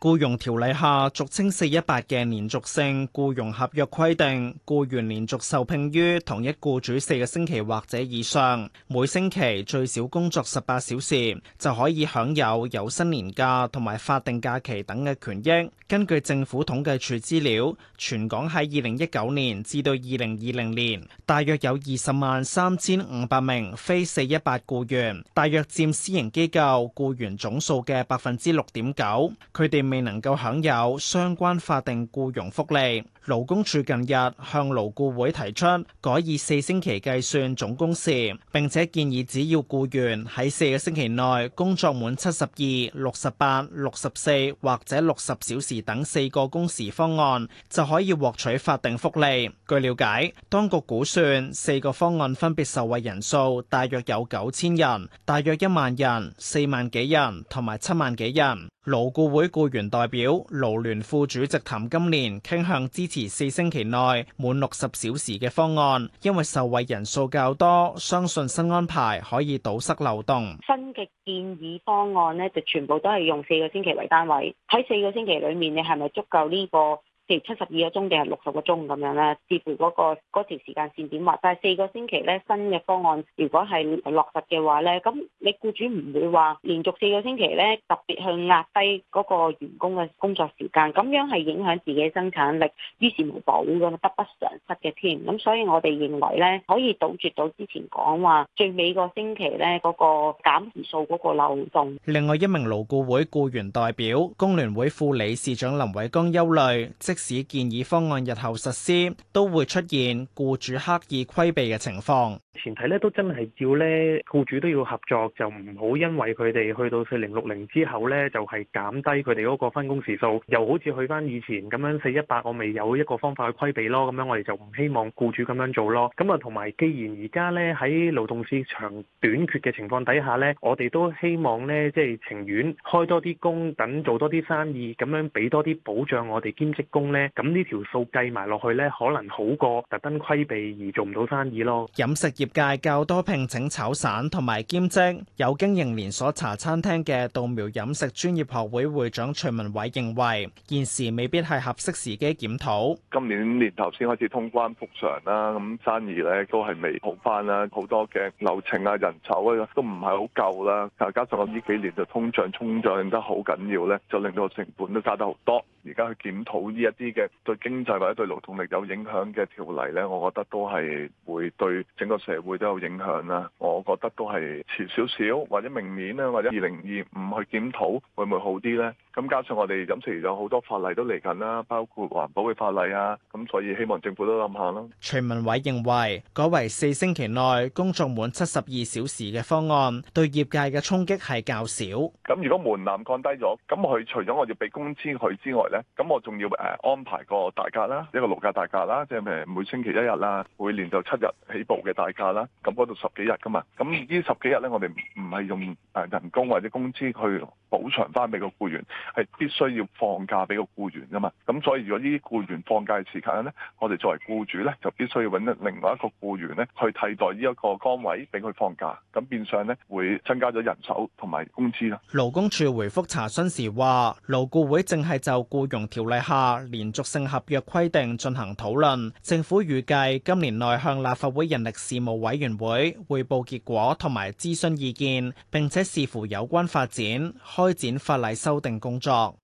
僱傭條例下，俗稱四一八嘅連續性僱傭合約規定，僱員連續受聘於同一僱主四個星期或者以上，每星期最少工作十八小時，就可以享有有薪年假同埋法定假期等嘅權益。根據政府統計處資料，全港喺二零一九年至到二零二零年，大約有二十萬三千五百名非四一八僱員，大約佔私營機構僱員總數嘅百分之六點九，佢哋未能夠享有相關法定僱傭福利。勞工處近日向勞顧會提出改以四星期計算總工時，並且建議只要雇員喺四個星期內工作滿七十二、六十八、六十四或者六十小時等四個工時方案，就可以獲取法定福利。據了解，當局估算四個方案分別受惠人數大約有九千人、大約一萬人、四萬幾人同埋七萬幾人。勞顧會雇員代表勞聯副主席譚金蓮傾向支。持續四星期內滿六十小時嘅方案，因為受惠人數較多，相信新安排可以堵塞漏洞。新嘅建議方案呢，就全部都係用四個星期為單位。喺四個星期裏面，你係咪足夠呢、這個？七十二個鐘定係六十個鐘咁樣啦，視乎嗰個嗰條時間線點畫。但係四個星期咧，新嘅方案如果係落實嘅話咧，咁你僱主唔會話連續四個星期咧特別去壓低嗰個員工嘅工作時間，咁樣係影響自己生產力，於事無補，咁啊得不償失嘅添。咁所以我哋認為咧，可以堵絕到之前講話最尾個星期咧嗰個減時數嗰個漏洞。另外一名勞顧會僱員代表工聯會副理事長林偉光憂慮，即。市建議方案日後實施都會出現僱主刻意規避嘅情況。前提咧都真係要咧僱主都要合作，就唔好因為佢哋去到四零六零之後咧，就係減低佢哋嗰個分工時數，又好似去翻以前咁樣四一八，我未有一個方法去規避咯。咁樣我哋就唔希望僱主咁樣做咯。咁啊，同埋既然而家咧喺勞動市場短缺嘅情況底下咧，我哋都希望咧即係情願開多啲工，等做多啲生意，咁樣俾多啲保障我哋兼職工。咁呢條數計埋落去呢，可能好過特登規避而做唔到生意咯。飲食業界較多聘請炒散同埋兼職。有經營連鎖茶餐廳嘅稻苗飲食專業學會會長徐文偉認為，現時未必係合適時機檢討。今年年頭先開始通關復常啦，咁生意呢都係未好翻啦，好多嘅流程啊、人手啊都唔係好夠啦，再加上我呢幾年就通脹沖脹得好緊要咧，就令到成本都加得好多。而家去檢討呢一啲嘅對經濟或者對勞動力有影響嘅條例呢，我覺得都係會對整個社會都有影響啦。我覺得都係遲少少，或者明年啊，或者二零二五去檢討，會唔會好啲呢？咁加上我哋飲食有好多法例都嚟緊啦，包括環保嘅法例啊，咁所以希望政府都諗下咯。徐文偉認為改為四星期內工作滿七十二小時嘅方案，對業界嘅衝擊係較少。咁如果門檻降低咗，咁佢除咗我要俾工資佢之外，咧咁我仲要誒安排個大假啦，一個勞假大假啦，即係誒每星期一日啦，每年就七日起步嘅大假啦。咁嗰度十幾日噶嘛，咁呢十幾日咧，我哋唔係用誒人工或者工資去補償翻俾個僱員，係必須要放假俾個僱員噶嘛。咁所以如果呢啲僱員放假嘅時間咧，我哋作為僱主咧，就必須要揾另外一個僱員咧去替代呢一個崗位，俾佢放假。咁變相咧會增加咗人手同埋工資啦。勞工處回覆查詢時話，勞顧會淨係就僱僱傭條例下連續性合約規定進行討論，政府預計今年內向立法會人力事務委員會匯報結果同埋諮詢意見，並且視乎有關發展，開展法例修訂工作。